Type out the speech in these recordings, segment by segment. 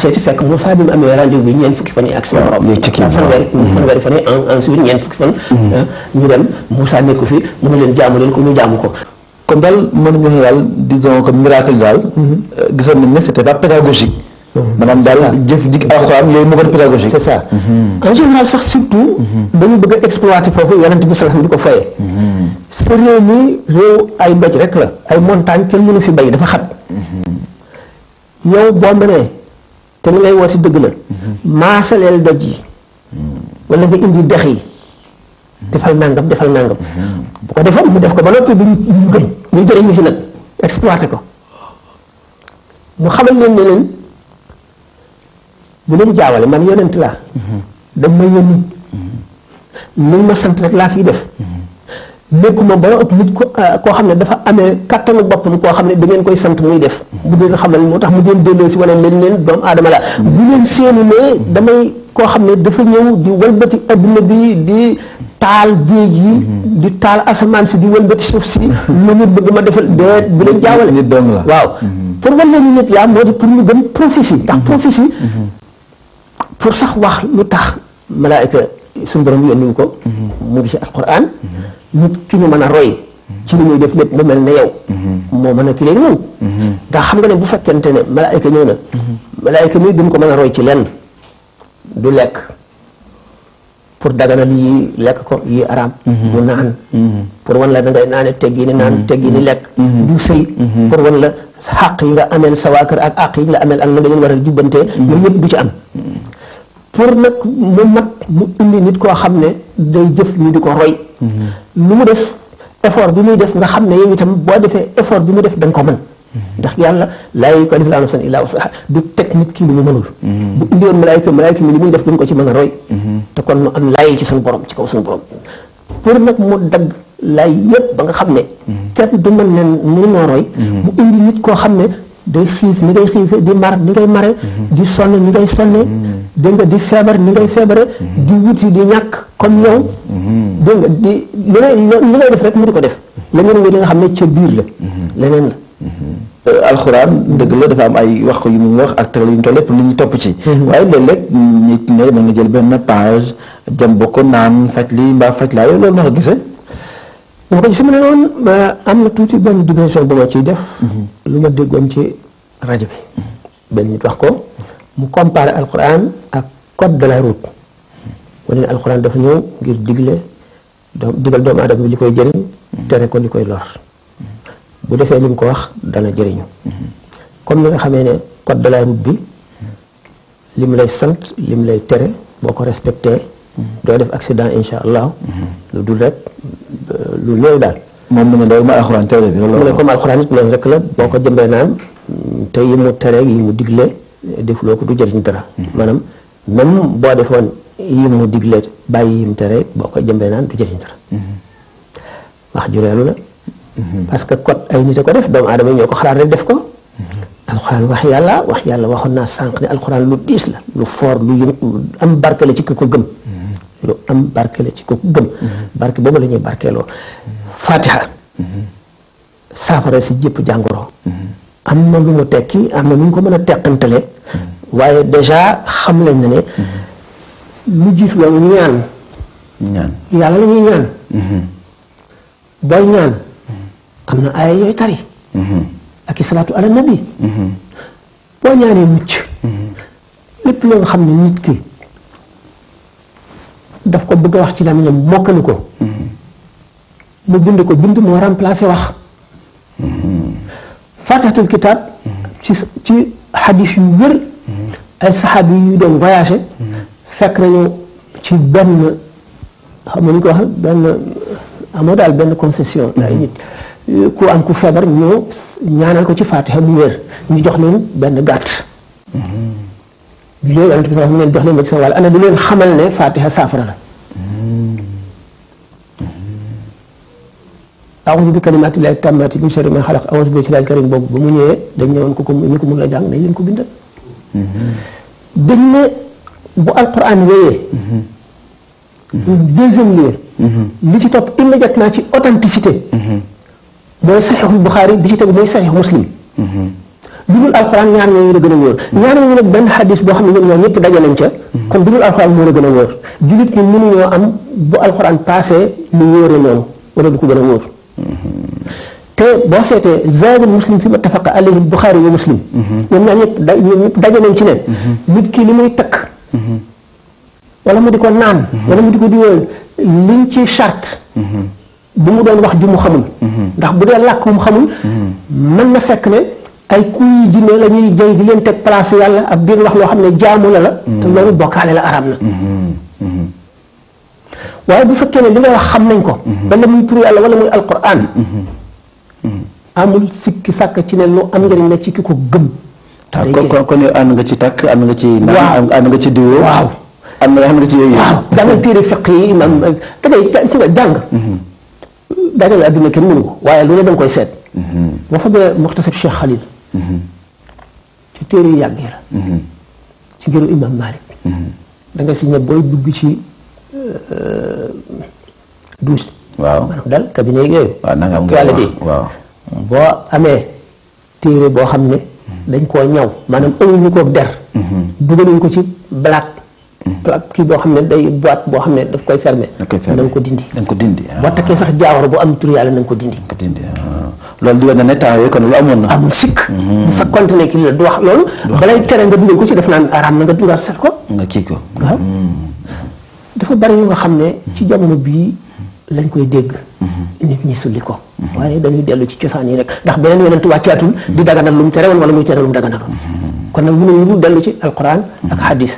seeti fekk Moussa bi mu amee rendez-vous bi ñeent fukki fan yi mu ne leen jaamu leen ko ñu ko kon daal mën nañu wax daal disons que miracle daal mm-hmm. euh, gisoon nañ ne c'était pas pédagogique maanaam daal jëf jik alxuraan mm-hmm. sax surtout mm-hmm. dañu bëgg a exploiter foofu yonent bi salaam ko foye sa ay doj rek la ay montagne kenn mënu fi bay dafa xat yow boo mënee te li ngay woote dëgg la mhm. maasaleel doj yi mm. wala nga indi dex yi mm. defal nangam defal nangam mm. bu ko defoon mu def ko ba noppi duñu ñu gëm ñu jëlee ñu fi nag exploité ko mu xamal leen ne leen bu leen jaawale man yonent laa mm-hmm. dañ may yónni mm-hmm. li ma sant rek laa fiy def mm-hmm. nekkuma ba ëpp nit ko euh, koo xam ne dafa amee kattanu boppam koo xam ne da ngeen koy sant muy def bu deen xamal moo tax mu deen delloo si wala leen leen doomu aadama la bu leen seenu ne damay koo xam ne dafa ñëw di walbati adduna bi di taal géej gi di taal asamaan si di walbati suuf si lu nit bëgg ma defal déet bu leen jaawale nit la waaw mm-hmm. pour wan leen nit yaa moo di pour ñu gën prophétie ndax mm-hmm. prophétie mm-hmm. pour sax wax lu tax malaayka suñu borom yónni ko mu ngi ci nit ki ñu mën a roy ci li muy def lépp mu mel ne yow moo mën a ki léegi noonu ndax xam nga ne bu fekkente ne malaayka ñëw na malaayka mi duñ ko mën a ci lenn du lekk pour daganal yi lekk ko yi araam du naan pour wan la da ngay naane teggi teggi ni lekk du sëy pour wan la xaq yi nga ameel sa waa ak àq yi nga ameel ak na nga leen war a du ci am pour nag mu mat mu nit koo xam ne day jëf ñu di ko roy lu mu def effort bi muy def nga xam ne yow itam boo defee effort bi mu def da nga ko mën ndax yàlla laa yukallifu llaahu nafsan illaa wus'ahaa du teg nit ki lu mu mënul bu indi woon malaayika malaayika mi li muy def duñ ko ci man a roy te kon nu am laay ci suñu borom ci kaw suñu borom pour nag mu dagg laay yëpp ba nga xam ne kenn du mën leen mënu noo roy bu indi nit koo xam ne day xiif ni ngay xiife di mar ni ngay mare mhm. di sonn ni ngay sonn mhm. dégg di feebar ni ngay feebare mhm. di wuti di ñàkk comme yow dégg nga di li def rek mu di leneen li nga xam ne ca biir la leneen la euh, alxuraan dëgg la dafa am ay wax yu mu wax ak tegal yu ñu ñu topp ci waaye léeg-léeg nit ne mën jël benn page dem bokk naan faj lii mbaa faj laa yow loolu na ko gisee waaw su ma ne noonu am na tuuti benn dimension bu ma ciy def. Mhm. lu ma déggoon ci rajo bi. Mhm. benn nit wax ko mu comparé alquran ak code de la route. wane ne alquran dafa ñëw ngir digle doom digal doomu aadama bi li koy jëriñ. Mhm. tere ko li koy lor. bu defee li mu ko wax dana jëriñu. comme ni nga xamee ne code de la route bi lim lay sant lim lay tere boo ko respecté. doo def accident incha allah. lu dul rek. lu néew daal. moom mu ne loolu mooy alxuraan téere bi loolu. mu ne comme alxuraan it loolu rek la boo ko jëmbee naan mm, te yi mu tere yi mu digle loo ko du jëriñ dara. Hmm. maanaam même boo defoon yi mu digle bàyyi yi mu tere boo ko jëmbee naan du jëriñ dara. Hmm. wax ju la. Hmm. parce que kot ay nit a ko def doomu aadama ñoo ko xalaat rek def ko. alxuraan wax yàlla wax yàlla waxoon naa sànq ne alxuraan lu diis la. lu foor lu am barke la ci ki ko gëm. lu am barke la ci ko gëm barke boobu la barke lo fatiha safara ci jep jangoro am na lu mu tekki am na nu ñu ko mën tekantale waye waaye xam lañ ne ne lu jiif lo ñaan ñaan yalla la ñaan mhm. ba ñaan am na ay yoy tari mhm. ak salatu ala nabi mhm. boo ñaanee mucc lepp lo xamni nit ki daf ko bëgg a wax ci làmmiñam mokkali ko mu bind ko bind moo remplacé wax fatihatul kitaab ci ci xadis yu wér ay saxaabi yu doon voyagé fekk nañu ci benn xam nga ñu ko wax benn amoo daal benn concession ay ku am ku feebar ñoo ñaanal ko ci fatiha mu wér ñu jox leen benn gàtt bi jox leen ba ci sa wàll ana du leen xamal ne fatiha saafara la أعوذ بكلمات الله التامات من شر ما خلق أعوذ بك الله الكريم بوب بمو ñewé dañ ñewon ko ko ñi ko mëna jang nañ leen ko bindal dañ ne bu alquran wéyé deuxième lieu li ci top immédiatement ci authenticité moy sahih bukhari bi ci tag moy sahih muslim dudul alquran ñaan ñoo la gëna wër ñaan ñoo nak ben hadith bo xamni ñoo ñepp dajé nañ ca kon dudul alquran mo la gëna wër julit ki mënu ñoo am bu alquran passé lu wëré nonu wala du ko gëna wër te boo seetee zaadul muslim fi ma tafaqa alayhi buxaari wa muslim ñoom ñaar ñëpp da ñoom ñëpp daje nañ ci ne nit kii li muy takk wala mu di ko naan wala mu di ko diwoo liñ ci charte bu mu doon wax ju mu xamul ndax bu dee làkk mu xamul mën na fekk ne ay kuy jinne la ñuy jay di leen teg place yàlla ak di wax loo xam ne jaamu la la te loolu bokkaale la arab na waaye bu fekkee ne li nga wax xam nañ ko. Mhm. wala muy turu yàlla wala muy alquran. Mhm. Mhm. amul sikki sàkk ci ne lu am njëriñ la ci ki ko gëm. day kon kon nga ci takk ànd nga ci. waaw ànd nga ci diwoo. waaw ànd nga ànd nga ci yi imam dangay si nga jàng. daajal adduna kenn mënu ko waaye lu ne koy seet. boo fa bee muxtasab Cheikh Khalil. ci téere yu yi la. ci gëru imam Malik. da nga si ne booy dugg ci. Euh, douze. waaw maanaam daal cabinet yeeg yooyu. waaw nangam waaw boo amee téere boo xam ne. dañ koo ñaw maanaam ëwuñu ko der. Mm-hmm. dugaluñ ko ci black. Mm-hmm. black boo xam ne day boîte boo xam ne daf koy fermer. da nga ko dindi da ko dindi. Ah. boo takkee sax jaawar bu am tur yàlla na ko dindi. ko dindi ah. loolu di wane ne temps yooyu kon lu amoon na. amul sikk. bu mm-hmm. fekkoon la du wax loolu. balay tere nga dugal ko ci def naan araam na nga dugal set ko. nga kii ko dafa bari yu nga xam ne ci jamono bii lañ koy dégg mm-hmm. nit ñi sulli ko mm-hmm. waaye dañuy dellu ci cosaan yi rek ndax beneen yonent wàccaatul mm-hmm. di daganal lu tere terewal wala muy terewal lu mu daganaloon kon nag mënuñu dellu ci alquran ak hadis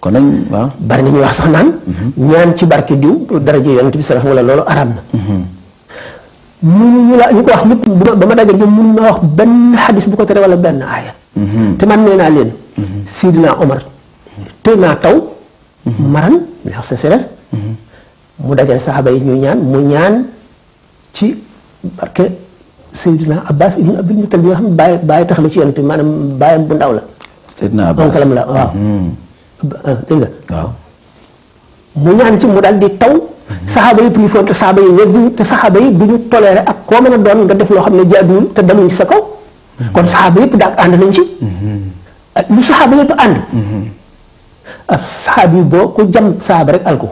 kon nag waaw bari nañuy wax sax naan ñaan ci barke diw daraje yonent bi salaf wala loolu araam na ñu la ñu ko wax ñëpp ba ma daje ñoom mënuñu ma wax benn hadis bu ko tere wala benn aaya te man nee naa leen Sidina Omar te naa taw maran li wax ya, sécheresse mu dajal sahaba yi ñu ñaan mu ñaan ci barke sayyidina abbas ibn abdul mutalib yo xam baye baye taxla ci yonent manam bayam bu ndaw la sayyidina abbas onkalam la waaw dégg waaw mu ñaan ci mu dal di taw hmm. sahaba yi pli fo te sahaba yi wedd te sahaba yi duñu toléré ak ko meuna doon nga def lo xamne jaadul te daluñ ci sa kaw kon sahaba yi pu dak and nañ ci hmm. eh, lu sahaba yi pu and ab saxaab yu boo ku jam saxaaba rek alko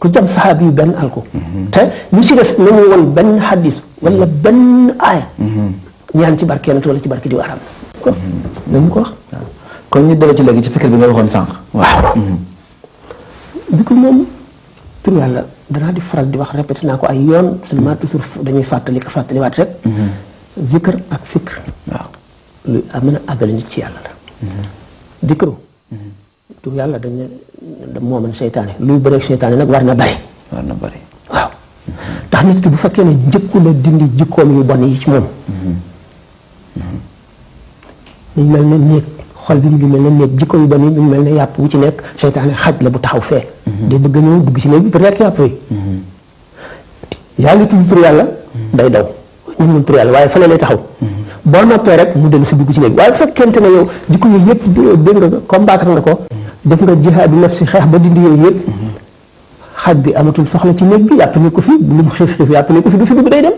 ku jam saxaab yu benn alko te lu ci des nañu woon benn xadis wala benn aaya ñaan ci barke yonent wala ci barke diw arab ko sànq waaw mm-hmm. di yàlla danaa di faral di wax répété naa ko ay yoon mm-hmm. seulement toujours dañuy fàttali ko fàttaliwaat rek mm-hmm. zikr ak fikr waaw mën a àggale nit ci yàlla la zikru tur yàlla dañu ne moo mën seytaane luy bëreeg seytaane nag war na bare. war waaw. ndax nit ki bu fekkee ne njëkku la dindi jikkoom yu bon yi ci mm-hmm. mu mel ne néeg xol bi mu ngi mel yi mel ne yàpp wu ci nekk seytaane xaj la bu taxaw fee. Mm-hmm. day bëgg ñëw dugg ci néeg yàpp yi. Mm-hmm. yaa ngi tudd tur yàlla. day daw ñu ngi tur yàlla waaye fële lay taxaw. boo noppee rek mu dellu si dugg ci néeg waaye bu fekkente ne yow jikko yooyu yëpp dégg nga combattre nga ko. def nga jihaadu nafsi xeex ba dindi yooyu yëpp xaj bi amatul soxla ci néeg bi yàpp ne ko fi lu mu xiif xiif yàpp ne ko fi du fi dugg day dem.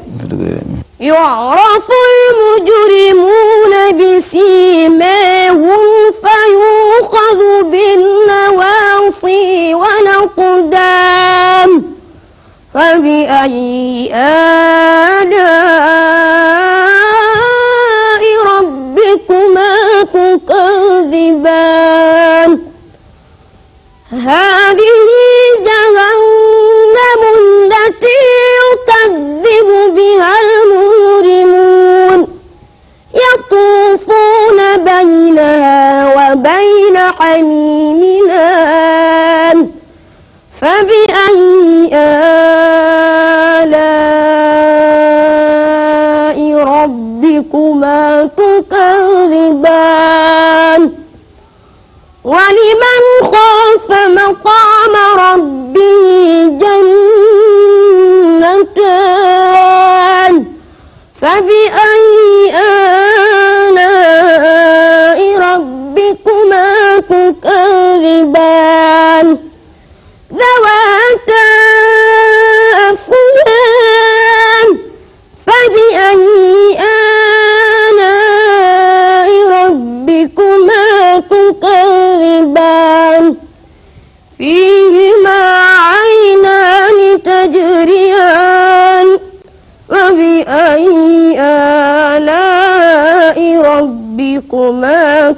ربكما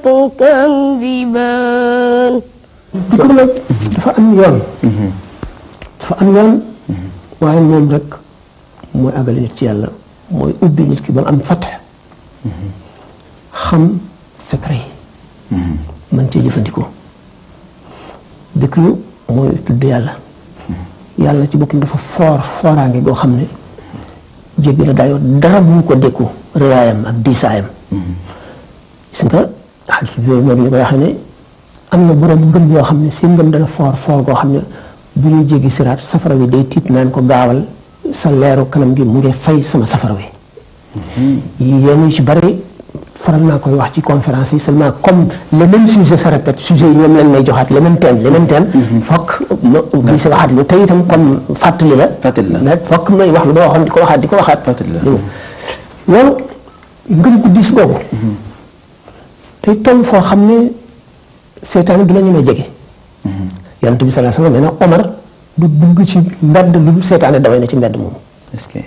am yoon mhm. dafa am yoon waaye mooy àggale ki ba am fatax xam secret yi mhm. mën jëfandikoo dikru mooy tudd yàlla mhm. yàlla ci boppam dafa foor fooraange goo xam ne jéggi na daayoo dara mu ko dékku rëyaayam ak diisaayam gis nga xadis bi moom ne am na borom ngëm yoo xam ne seen ngëm dana foor foor koo xam ne bu ñu jéggi siraat safara wi day tiit naan ko gaawal sa leeru kanam gi mu ngi fay sama safara wi mm-hmm. yenn yu ci bari faral naa koy wax ci conférence yi seulement comme le même sujet se répète sujet yi ñoom lañ lay joxaat le même thème le même mm-hmm. fokk ma bii si waxaat lu tey itam comme fàttali la a fokk may wax lu ma di ko waxaat di ko waxaat loolu ngëm ku diis googu mm-hmm. te toll foo xam ne seytaane du la ñemee jege. Mm-hmm. yonent bi sallallahu alayhi wasallam nee na Omar du dugg ci mbedd lu dul seytaane daway na ci mbedd moomu. est que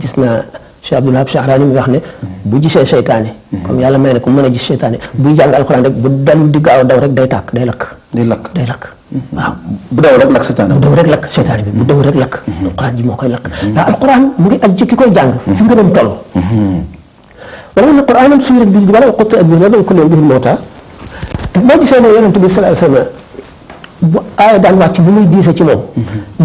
gis naa Cheikh Abdoul Wahab Sha'rani mi wax ne. Mm-hmm. bu gisee seytaane. Mm-hmm. comme yàlla may na ko mën a gis seytaane. buy jàng alxuraan rek bu dalul di gaaw daw day tàkk day lakk. day lakk day lakk. waaw bu daw rek lakk seytaane. bu daw rek lakk seytaane bi bu daw rek lakk. alxuraan ji moo koy lakk. ndax alxuraan mu ngi ak ki koy jàng. fi ngënam toll. ولأن القرآن لم يشير بالجبال وقطع البلاد وكل به الموتى ما جي سنة يوم تبي سنة سنة آية دان واتي بني دي سيمو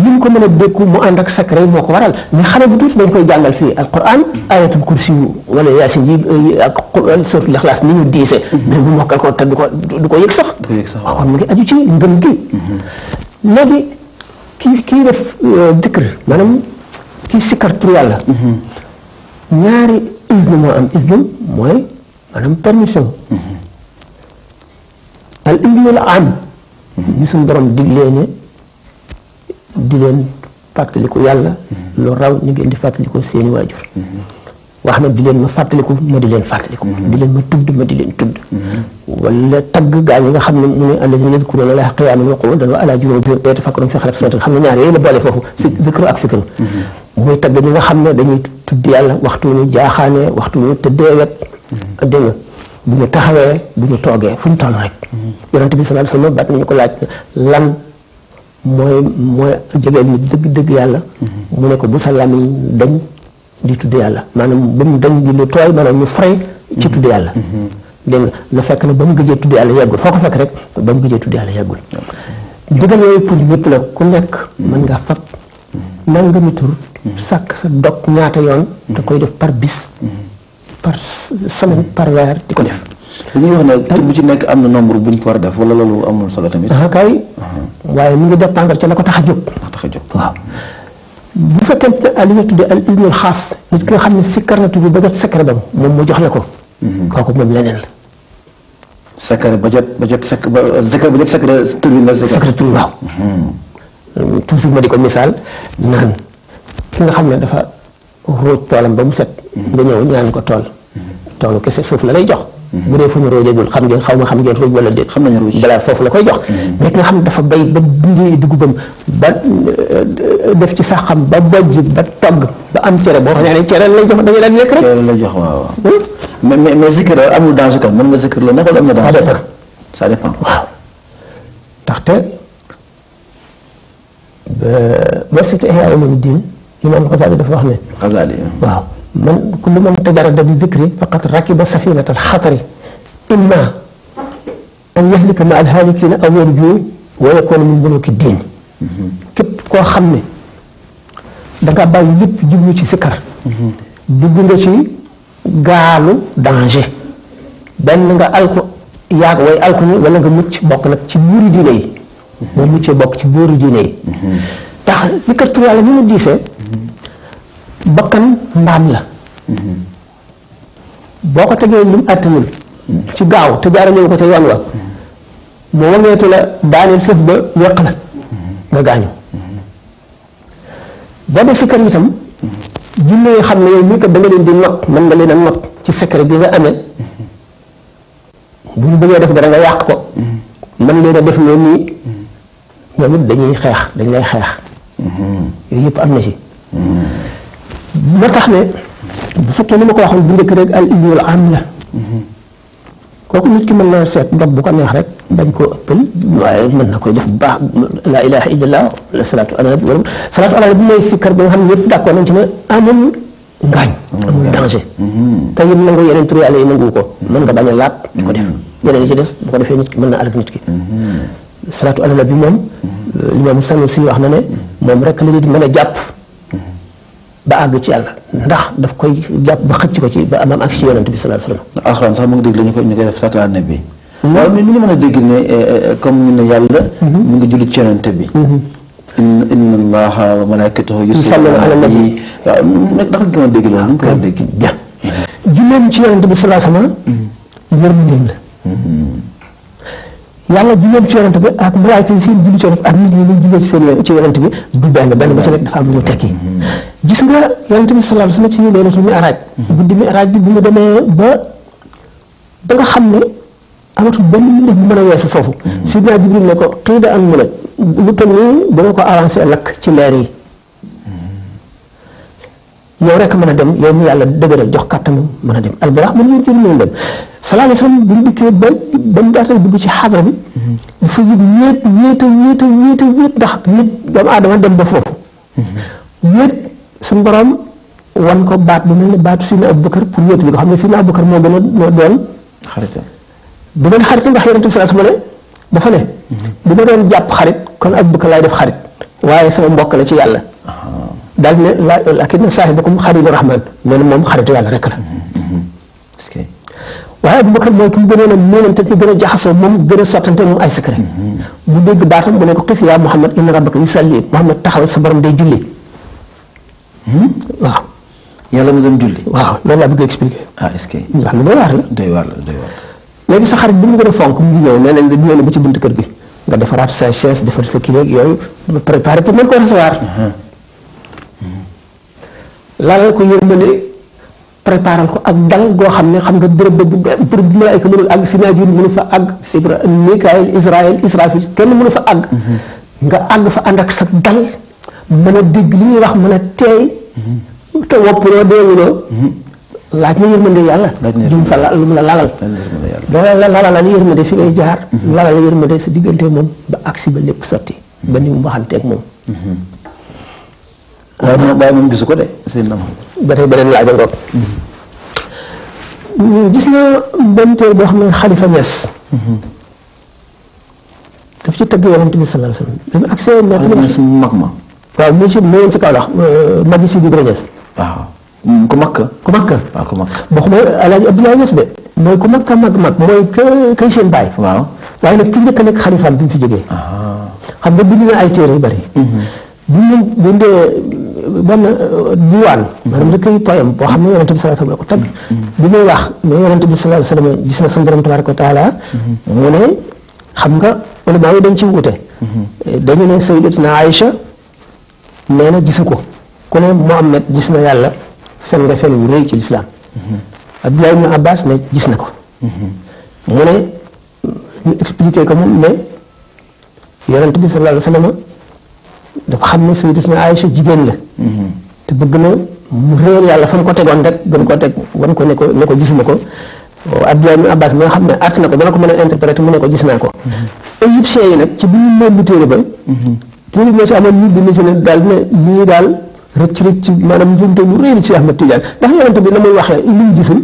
لم كو من ديكو مو عندك سكري مو كو وارال مي خالي بو توت دنج كوي جانغال في القرآن آية الكرسي ولا ياسين جي القرآن سورة الإخلاص ني دي سي مي مو موكال كو تدكو دكو يك أقول كون مي اديو تي نغم جي لغي كي كي ديف ذكر مانام كي سكر تريالا ñaari isne moo am isne mooy maanaam permission. al isne la am. ñu suñu borom diglee di leen fàttaliku yàlla. lu raw ñu ngeen di fàttaliku seeni waajur. wax na di leen ma fàttaliku ma di leen fàttaliku mm-hmm. di leen ma tudd ma di leen tudd mm-hmm. wala tagg gaa ñi nga xam ne mu ne allazina yadkuruna allaha qiyaman wa qu'udan wa ala junubihim la boole foofu si zikru mm-hmm. ak fikru muy tagg ñi nga xam ne dañuy tudd yàlla waxtu ñu jaaxaane waxtu ñu tëddee wet a nga bu ñu taxawee bu ñu toogee fu ñu rek yonent bi sallallahu alayhi wasallam bat nañu ko laaj lan mooy mooy jógee nit dëgg dëgg yàlla mu ne ko bu sa lamiñ dañ di tudde yàlla maanaam ba mu dañ di lu tooy maanaam ñu fray ci tudde yàlla mm-hmm. dégg nga fekk na ba mu gëjee tudde yàlla yàggul foo ko fekk rek ba mu gëjee tudde yàlla yàggul ndigal yooyu pour ñëpp la ku nekk mën ngaa fab nangami tur mm-hmm. sàkk sa dog ñaata yoon mm-hmm. da koy def par bis par semaine par weer di ko def dañuy wax ne tur bu ci nekk am na nombre buñ ko war a def wala loolu amul solo tamit. ah kay waaye mu ngi dépendre ca la ko tax a jóg. tax a jóg waaw. bu fekkente ne li ñu tuddee al isnul xaas nit ki nga xam ne sikkar na tudd ba jot sekere ba moom moo jox la ko. Mhm. kooku moom leneen la. sekere ba jot ba jot sek ba sekere jot sekere tur bi la sekere tur waaw. Mhm. Euh, toujours ma di ko misaal naan ki nga xam ne dafa ruuj toolam ba mu set. Mhm. nga ñëw ñaan ko tool. toolu kese suuf la lay jox. bu dee fu ñu roojagul xam ngeen xaw ma xam ngeen rooj wala déet xam nañu rooj balaa foofu la koy jox mais ki nga xam dafa bay ba bindee dugubam ba def ci saxam ba bojj ba togg ba am cere boo xam ne cere lay jox da ngay daan yekk rek cere lay jox waaw waaw mais mais mais zikr amul danger kan mën nga zikr la nekk wala am na danger ça dépend ça dépend waaw ndaxte ba ba surtout Ihya Ulumuddin imam Xasali dafa wax ne Xasali waaw man kullu man tajarada bi dikri faqad rakiba safinata alxatari imma an yahlika ma alhalikina aw yarju wa yakuna min buluki diin képp koo xam ne danga bàyyi lépp jublu ci sikkar dugg nga ci gaalu danger benn nga alku yaag way alku ni wala nga mucc bokk nag ci buuri diine yi boo muccee bokk ci buuri diine yi mm-hmm. ndax sikkar tur mu diisee bakkan mbaam la boo ko tegee lu mu àttanul ci gaaw te jaarale ko ca yoon wa mu wangeetu la daaneel sëf ba weq la nga gaañu boo dee sikkar itam julli yi xam ne yow mii ko da leen di not man nga leen a not ci secret bi nga amee bu ñu bëggee def dara nga yàq ko mën leen a def loolu nii ñoom it dañuy xeex dañ lay xeex yooyu yëpp am na ci moo tax ne bu fekkee ni ma ko waxoon bu njëkk rek al iznul am la kooku nit ki mën naa seet ndox bu ko neex rek bañ ko ëppal waaye mën na koy def bu baax la ilaha illallah wala salaatu ala nabi wala salaatu ala nabi mooy ba nga ne ñëpp nañ ci ne amul ngaañ amul danger te yim nangu yeneen tur yàlla ko mm-hmm. mën nga bañ a laab di ko def mm-hmm. yeneen ci des bu ko defee nit ki mën naa alak nit ki mm-hmm. salaatu ala nabi moom li moom Sanusi wax na ne moom rek la nit mën a jàpp ba àgg ci yàlla ndax daf koy jàpp ba xëcc ko ci ba am ak si bi sallallahu sax mu ngi dégg ñu koy ñu koy def salaatu a dégg ne comme ñu ne yàlla. mu ngi ci yonent bi. inna allaha wa malaikatahu yusalluna ala nabi waaw ci yonent bi sallallahu alayhi wasallam yërmandeem la. Mhm. yàlla julleem ci yonent bi ak malaayka yi seen julli ci yonent bi du benn benn ba ci nekk dafa am lu tekki mhm. gis nga yonent bi salaam su ci leelatul mi araaj guddi mi araaj bu mu demee ba ba nga xam ne amatul benn mu def bu mën a weesu foofu sidna Jibril ne ko xii da am mu naj lu toll ko avancé lakk ci leer yi yow rek dem yow yàlla dëgëral jox kàttanu mën a dem alburax mën ngeen jëriñ mën dem salaam bu ñu dikkee ba ba mu daatal dugg ci xadra bi dafa yëg wéet wéet a wéet a ndax nit doomu aadama dem ba foofu suñu borom wan ko baat bu mel ne baatu Sina Abubakar pour yóotu bi nga xam ne Sina Abubakar moo gën a moo doon. xaritam du mel xaritam ndax yonent bi sallallahu alayhi wasallam dafa ne. Mhm. bu ma doon jàpp xarit kon Abubakar laay def xarit waaye sama mbokk la ci yàlla. daal ne la ak inna saahibakum xaribu rahmaan nee na moom xaritu yàlla rek la. Mhm, mhm. est-ce que waaye Abubakar mooy mu gënoon a mënante ki gën a moom gën a ay secret. bu dégg baatam bu ne ko xif yaa Muhammad inna rabbaka yusalli Muhammad taxawal sa borom day julli. Hmm? waaw. yàlla mu doon julli. waaw loolu laa bëgg a expliquer. ah est mu gën a fonk mu ngi ñëw nee ci buntu kër gi nga defaraat sa chaise defar sa kilo yooyu nga préparé pour mën ko recevoir. Uh-huh. Uh-huh. laalal ko yërmande préparal ko ak dal goo xam ne xam nga bërëb bu bërëb bu malaayka mënul àgg Sinaajil mënu fa àgg. Ibra Mikaayil Israayil kenn mënu fa àgg. Uh-huh. nga àgg fa ànd ak sa dal mën a dégg li ñuy wax mën a teey. Mm-hmm. te woppuloo deewuloo mm-hmm. laaj na yërmande yàlla dum fa la lu mu la lalal dana la lalalal yërmande fi ngay jaar mm-hmm. lalal yërmande sa diggante moom ba agsi ba lépp sotti ba ni mu waxanteeg ah. ko de seen ba tey beneen laaj a ngoog mm, gis na benn téere boo xam ne xalifa Ñas daf ci tëgg yonent bi sallallahu alayhi wa sallam dana agsi metti waaw monsieur mu woon ci Kaolack magi si du Gréñes waaw ku makk ku makk waaw ah, ku makk boo xam ne alaaji Abdoulaye Niass de mooy ku makk mag mag mooy kay kay seen baay waaw waaye nag ki njëkk a nekk xalifaam bi mu fi jógee ah. xam nga ay téere yu bëri bu ñu mhm. bindee euh, benn euh, diwaan mhm. maanaam rek ay poème boo xam ne yonente bi sallallahu alayhi wa sallam la ko tagg mhm. wa sallam gis na suñu borom tabaraka wa taala mu ne xam nga ulama yi dañ ci wuute dañu ne sayyidatina Aïcha nee na gisu ko ku ne Muhammad gis na yàlla fen nga fen yu rëy ci lislaam mm-hmm. Abdullah ibn Abbas ne gis na ko mm-hmm. mu ne ñu expliqué ko moom ne yonent bi sallallahu alayhi wa sallam dafa xam ne sayyidatuna Aïcha jigéen la mm-hmm. te bëgg na mu réer yàlla fa ko tegoon rek gën koo teg wan ko ne ko ne ko gisuma ko Abdullah ibn Abbas mi nga xam ne àtt na ko dana ko mën a interpréter mu ne ko gis naa ko égyptiens yi nag ci bu moom bu téere ba te it ma si amoon nit dina si ne daal ne lii daal rëcc rëcc maanaam njuumte lu rëy la ci Ahmad Tidiane ndax yonent bi na muy waxee lu mu gisul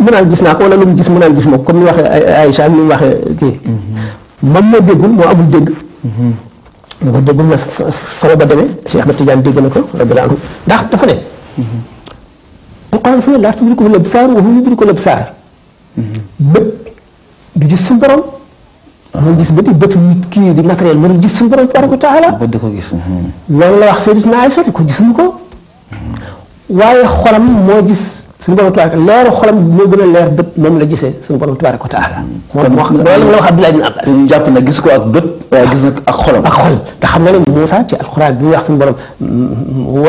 mu naan gis naa ko wala lu mu gis mu naan gis ma ko comme ni waxee Aïcha ni mu waxee moo mm-hmm. déggul moo amul dégg mm-hmm. moo déggul na sama ba demee Cheikh Ahmad Tidiane dégg na ko radiyallaahu anhu ndax dafa ne alquraan fu ne laa tudrikuhu l-absaar wa huwa yudriku l mm-hmm. du gis suñu borom mu gis bëti bëtu kii di matériel mënul gis suñu borom tabaraka taala bët di ko gis. Hmm. loolu la wax naa Aysa ko gisuñu ko. waaye xolam moo gis suñu borom tabaraka leeru xolam moo gën a leer bët moom la gisee suñu borom tabaraka taala. moom wax loolu la wax Abdullah ibn Abbas. ñu jàpp na gis ko ak bët. waaye gis na ak xolam ak xol te xam nga ne Moussa ci alxuraan bi ñu wax suñu borom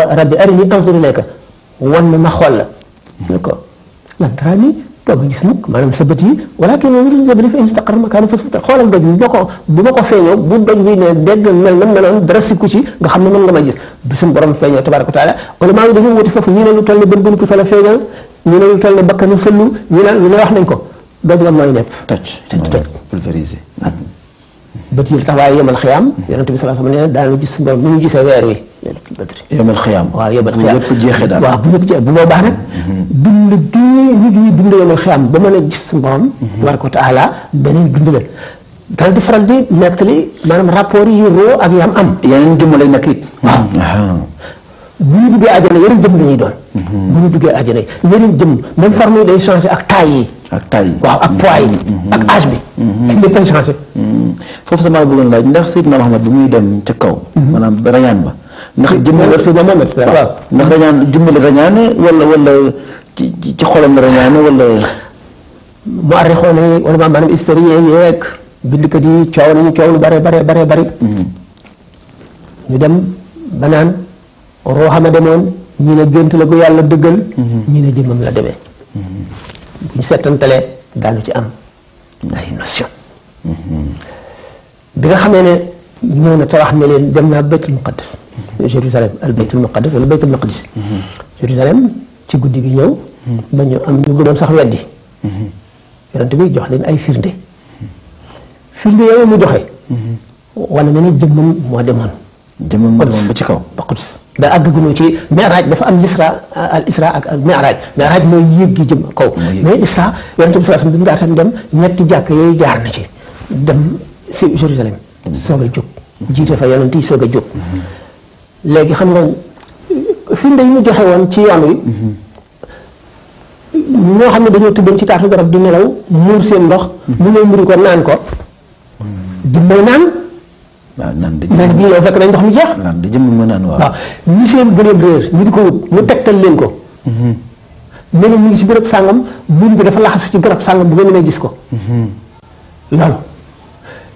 rabbi arini anzur ilayka wan ma ma xool la. ko lan doo ko gis mukk maanaam sa bët jabali fa in istaqarra makaanahu fa sawfa taraa doj bi boo ko feeñoo bu doj bi ne dégg mel na meloon dara sikku ci nga xam ne mën nga ma gis bu suñu borom feeñoo tabaaraka wa taala ulama yi dañu wuti foofu ñu lu toll ne bën bën ko sa la lu toll ne bakkanu sëllu ñu ne lu ne wax nañ ko doj la mooy nepp toj toj pulvérisé bët yi li tax waaye yemal xiyaam yonent bi sallallahu alayhi wa sallam nee gis suñu borom ni mu gisee weer wi yemal xiyaam waaw yemal xiyaam bu lépp jeexee daal waaw bu lépp jeexee bu dund a gis suñu borom tabaraka wa taala beneen dund la dal di faral di nettali maanaam rapport yi roo ak yam am yeneen jëmm lay nekk it waaw bu ñu duggee àjjana yeneen jëmm lañuy doon mhm. bu ñu duggee àjjana yeneen jëmm même forme yi day changé ak taay yi ak taay waaw ak poids yi. Mm-hmm. ak âge bi. ak lépp ay changé. foofu sama laaj ndax Seydina Mohamed bi muy dem ca kaw. Mm-hmm. maanaam rañaan ba. ndax jëmmale la Seydina Mohamed waaw ndax rañaan jëmmale rañaane wala wala ci ci xolam la rañaane wala. mu arrêté xoolee wala maanaam historien yeeg yi coow nañu coow lu bare bare bare bari. Mm-hmm. ñu dem ba naan roo xam a demoon ñi ne gént la ko yàlla dëggal. ñi ne jëmmam la demee. bu ñu seetantalee daanu ci am ay notion bi nga xamee ne ñëw na te wax leen dem naa baytul muqaddas Jérusalem al baytul muqaddas wala baytul maqdis Jérusalem ci guddi gi ñëw ba ñu am ñu gëmoon sax weddi yonent bi jox ay firnde firnde yooyu mu joxe wane na ni jëmmam moo demoon demoon ba ci kaw ba Qudus ba àggaguñu ci miraaj dafa am lisra al isra ak al miraaj miraaj mooy yéeg gi jëm kaw mais isra yonent bi sallallahu alayhi wasallam ñetti jàkk yooyu jaar na ci dem si Jérusalem mm-hmm. soog a jóg mm-hmm. jiite fa yonent yi soog a jóg mm-hmm. léegi xam nga firnde yi mu joxe woon ci yoon wi ñoo xam ne dañoo tëddoon ci taatu garab di nelaw muur seen ndox mu ñëw muri ko naan ko di naan waaw naan dañuy naan bi yow fekk nañ ndox mi jeex. naan dañuy mën a naan waaw. waaw ñi seen gëneeb réer ñu di ko wut ñu tegtal leen ko. nee mhm. mu ngi ci béréb sàngam buum bi dafa laxasu ci garab sàngam bu ngeen mënee gis ko. Mhm. loolu.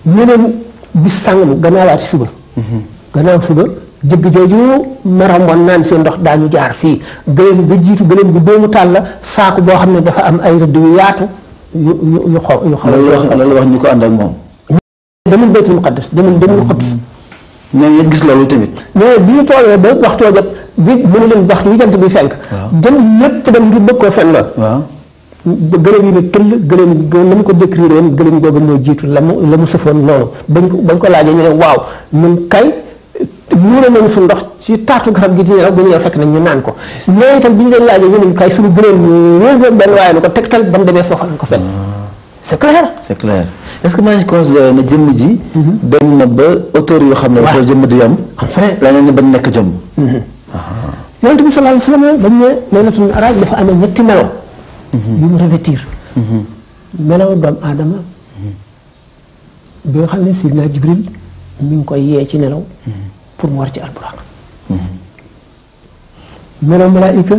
ñeneen bis sàngam gannaawaati suba. Mhm. gannaaw suba jëgg jooju meramboon naan seen ndox daañu jaar fii gëleen ga jiitu gëleen gu doomu tàll la saako boo xam ne dafa am ay rëdd yu yaatu yu yu yu xaw yu loolu wax ñu ko ànd moom. demul baytul muqaddas demul demul mm. Quds. ñoom it gis loolu tamit. mais bi ñu toogee ba waxtu jot bi mu leen waxtu wi jant bi fenk. dem ñëpp dem ngir bëgg koo fen la. waaw gëlëm yi ne tëll gëlëm na mu ko décrire woon gëlëm googu moo jiitu la mu la mu sëfoon noonu bañ ko bañ ko laajee ñu ne waaw ñun kay. muure nañu suñu ndox ci taatu garab gi di nelaw bu ñu fekk ñu naan ko mais itam bi ñu leen laajee ñu ne kay suñu gënoon ñu benn waaye na ko tegtal ba mu demee foofa lañ ko fekk. c'est clair c'est clair est-ce que maa ngi considéré ji. dem na ba auteur yoo xam ne. waaw jëmm di am. après la ñu ba nekk jëmm. Mhm. Ah. yonent bi sallallahu alayhi wasallam dañu ne laylatul mi'raj dafa amee ñetti melo. Mhm. yu mu revêtir. Mhm. melaw doomu aadama. bi xam ne Sidna Jibril mi ngi koy yee ci nelaw. pour mu war ci alburaq. melaw malaayika.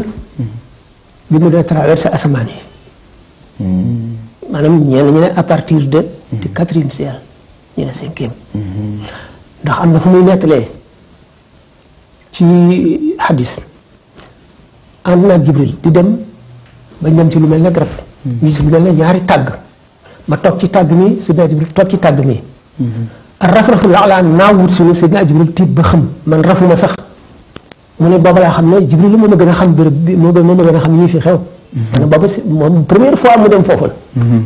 bi mu dee traversé asamaan yi. maanaam ñenn ñu ne à partir de. du quatrième siècle ñu ne ndax am na fu muy nettalee ci hadis ànd naa Jibril di dem ba ñam ci lu mel ne garab. ñu gis lu mel ne ñaari tàgg ma toog ci tàgg mi Seydina Jibril toog ci tàgg mi. raf-rafu la'la naa wut suñu Seydina Jibril tiit ba xam man rafuma sax mu ne booba laa xam ne Jibril moo ma gën a xam béréb bi moo ma gën a xam ñii fi xew. dana baba moom première fois mu dem foofu mhm.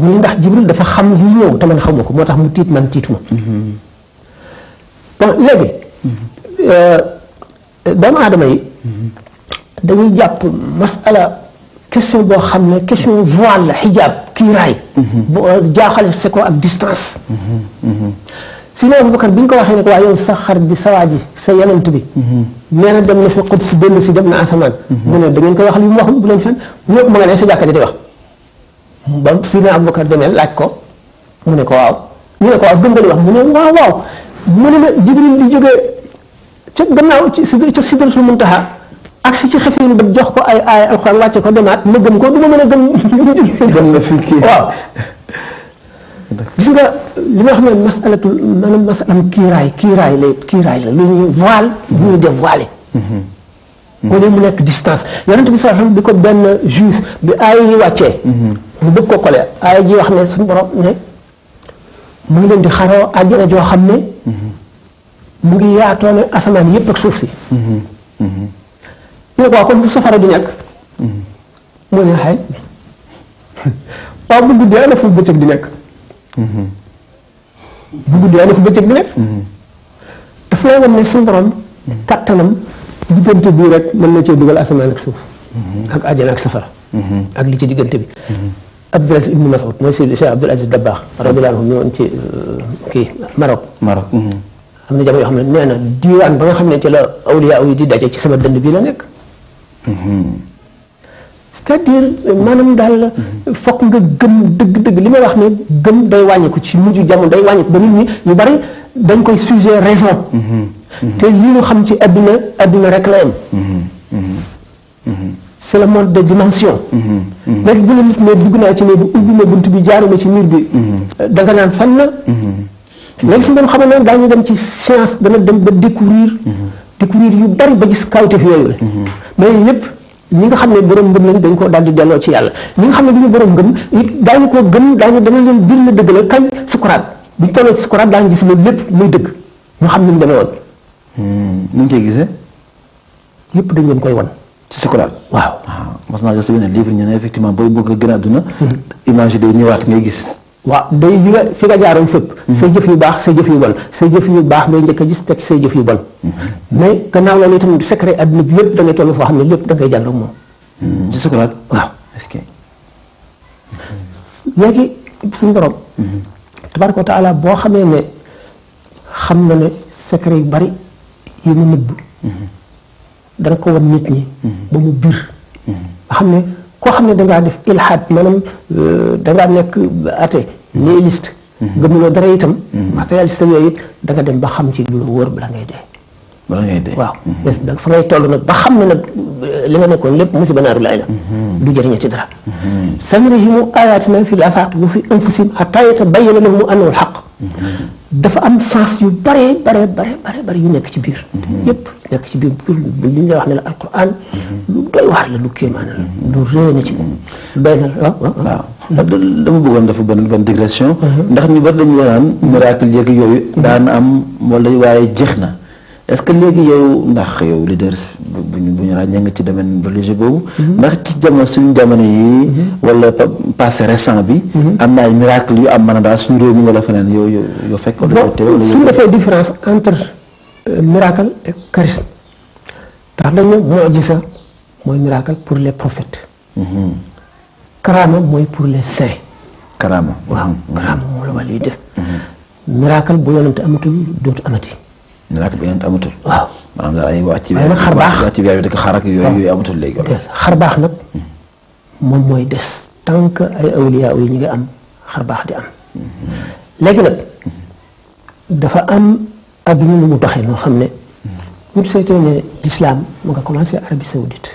mu ndax jibril dafa xam li ñëw te man xamoo ko mu tiit man tiituma mhm. bon léegi mhm. euh, doomu aadama yi dañuy jàpp masala question boo xam question voile la xijaab ak distance Sina Abubakar bi ñu ko waxee ne ko waa sa xarit bi sa waa ji sa yanant bi. Mhm. na dem na fi xut si dellu si dem na asamaan. Mhm. mu ne da ngeen ko waxal li mu waxul bu leen fen mu ne ma nga ne sa jàkka di wax. ba Sina Abubakar ko mu ne ko waaw mu ne ko waaw gëm nga li wax mu ma Jibril di jógee gannaaw ci si su Sidratul taxa ak si ci xefeen ba jox ko ay ay alxuraan wàcce ko demaat ma gëm ko du ma mën a gëm. gëm na fi kii waaw. gis li ma xam ne masalatul maanaam masalam kiiraay kiiraay lay kiiraay la lu ñuy voile bu ñuy def voile ko mhm. ne mu nekk distance yonent bi sax bi benn juif bi mhm. mu bëgg ko kole aaya mu ngi leen di xaroo àjjana joo xam ne mhm. mu ngi yaatoo ne asamaan yépp ak suuf si ñu ne ko kon bu safara di nekk mu ne xay waaw bu guddee ana fu bëccëg di nekk bu guddee am na fu bëccëg bi nekk. daf lay wan ne suñu borom kattanam diggante bii rek mën na cee dugal asamaan ak suuf. ak àjjana ak safara. ak li ci diggante bi. Abdul Aziz Ibn Mas'ud mooy Seydi Cheikh Abdul Aziz Dabakh radiyallahu anhu ci uh, kii Maroc. Maroc. Mhm. am na jamono yoo xam ne nee na diwaan ba nga xam ne ci la awliya yi di daje ci sama dënd bii la nekk. Mhm. c'est-à-dire maanaam daal fokk nga gëm dëgg-dëgg li may wax ne gëm day wàññiku ci mujj jamono day wàññiku ba nit ñi yu bari dañ koy sujet raison mm-hmm. te li ñu xam ci àdduna àdduna rek la am mm-hmm. mm-hmm. c'est le monde des bu la nit ne dugg naa ci ne bi ubbi na bunt bi jaaruma ci miir bi da nga naan fan la léegi su ñu doon xamal ne daañu dem ci science dana dem ba découvrir découvrir yu bari ba gis kawteef yooyu la mais yépp ñi nga xam ne bërëm ngëm lañ dañ ko daal di delloo ci yàlla ñi nga xam ne duñu bërëm ngëm it daañu koo gëm daañu dana leen biir na dëgg la kañ sukuraat buñ tolloo ci sukuraat daañu gis loolu lépp muy dëgg ñu xam ni mu demee woon. Hmm, nu ñu koy gisee. yëpp dañ leen koy wan. ci sukuraat waaw. waaw ah, mos naa jox sa benn livre ñu ne effectivement booy bëgg a gën a àdduna. Mm-hmm. image yi day ñëwaat ngay gis. waaw day jira fi nga jaaroon fépp sa jëf yu baax sa jëf yu bon sa jëf yu baax ngay njëkk a gis teg sa jëf yu bon mais gannaaw loolu itam secret àdduna bi yëpp da ngay toll foo xam ne lépp da ngay jàll moom ci sukuraat waaw est-ce que léegi suñu borom tabaraka taala boo xamee ne xam na ne secret yu bari yi mu nëbb dana ko wan nit ñi ba mu biir nga xam ne koo xam ne dangaa def ilhaad maanaam dangaa nekk ate nihiliste. gëmuloo dara itam. matérialiste yooyu it da nga dem ba xam ci lu wóor bala bala ngay dee waaw. Mhm. fa ngay toll nag ba xam ne nag li nga nekkoon lépp musiba naaru laay la. Mhm. du jëriñu ci dara. Mhm. sanurihimu ayatina fil afaq wa fi anfusihim hatta yatabayyana lahum annahu al-haqq. dafa am sens yu bare bare bare bare nekk ci biir. yëpp nekk ci biir li ñu wax ne la alquran. lu doy waar la lu kéemaan la. lu rëy ci moom. na la dama bëggoon dafa benn benn digression mhm. ndax ñu bari dañu waraan miracle yeeg yooyu daan am wala waaye jeex na est ce que léegi yow ndax yow leader bu ñu bu ñu ràññee nga ci domaine religieux boobu mhm. ndax ci jamono suñu jamono yi mhm. wala passé récent bi am na ay miracle yu am mën a daal suñu réew mi wala feneen yow yow yow fekk wala yow teew suñu defee différence entre euh, miracle et charisme ndax dañu mojisa mooy miracle pour les prophètes karaama mooy pour les saints. karaama waaw karaama moom la wàllu yi def. Mm-hmm. miracle bu yonante amatul dootu amati. miracle bu yonante amatul. waaw maanaam daal ay wax ci. waaye nag xar baax wax ci weer bi yooyu baax nag mm-hmm. moom mooy des. tant ay awliya yi ñu am xar baax di am. Mm-hmm. léegi nag dafa am adduna nu mu doxee noo xam ne. pour seetee ne l'islam mu nga commencé Arabie Saoudite.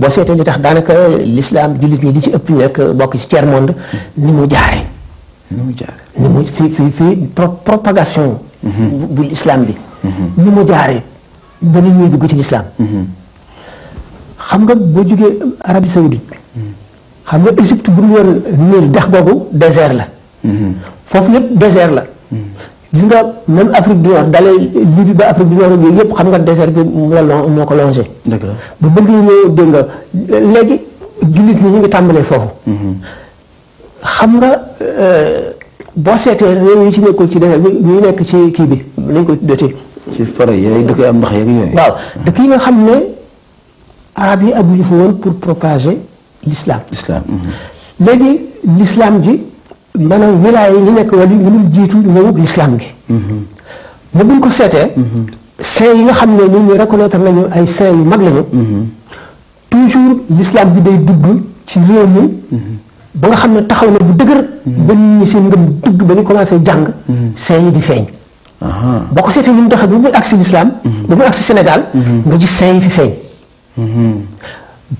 boo seetee li tax daanaka l'islam jullit ñi li ci ëpp ñu nekk bokk ci tiers monde mu jaare ni mu jaare fi fi fi propagation mhm. bu l'islam bi mhm. ni mu jaaree ba nit ñuy dugg ci l'islam mhm. xam nga boo jógee Arabie Saoudite xam nga Égypte bu ñu woon niil dex boobu désert la foofu yëpp désert la gis nga même Afrique du Nord dalee Libye ba Afrique du Nord yooyu xam nga désert bi moo la moo ko longé. dëgg la bu bëgg ñëw dégg nga léegi jullit ñi ñu ngi tàmbalee foofu. Mm-hmm. xam nga euh, boo seetee réew yi ci nekkul ci désert bi ñu nekk ci kii bi nañ ko dotee. ci faro yi dëkk yi am ndox yeeg yooyu. waaw dëkk yi nga xam ne arab yi abuñu fa woon pour propager l'islam. l'islam mm-hmm. léegi l'islam ji. maanaam wilaay yi ñu nekk wàllu mënul jiitu ñëwub lislaam gi. Mm-hmm. mais buñ ko seetee. Mm-hmm. saint yi nga xam ne ñun ñu reconnaître nañu ay saint yu mag lañu. Mm-hmm. toujours l'islam bi day dugg ci réew mi. ba nga xam ne taxaw na bu dëgër. ba nit ñi seen ngëm dugg ba ñu commencé jàng. saint yi di feeñ. boo ko seetee ñu mu doxee ba muy àgg si lislaam. ba muy si Sénégal. nga gis saint yi fi feeñ.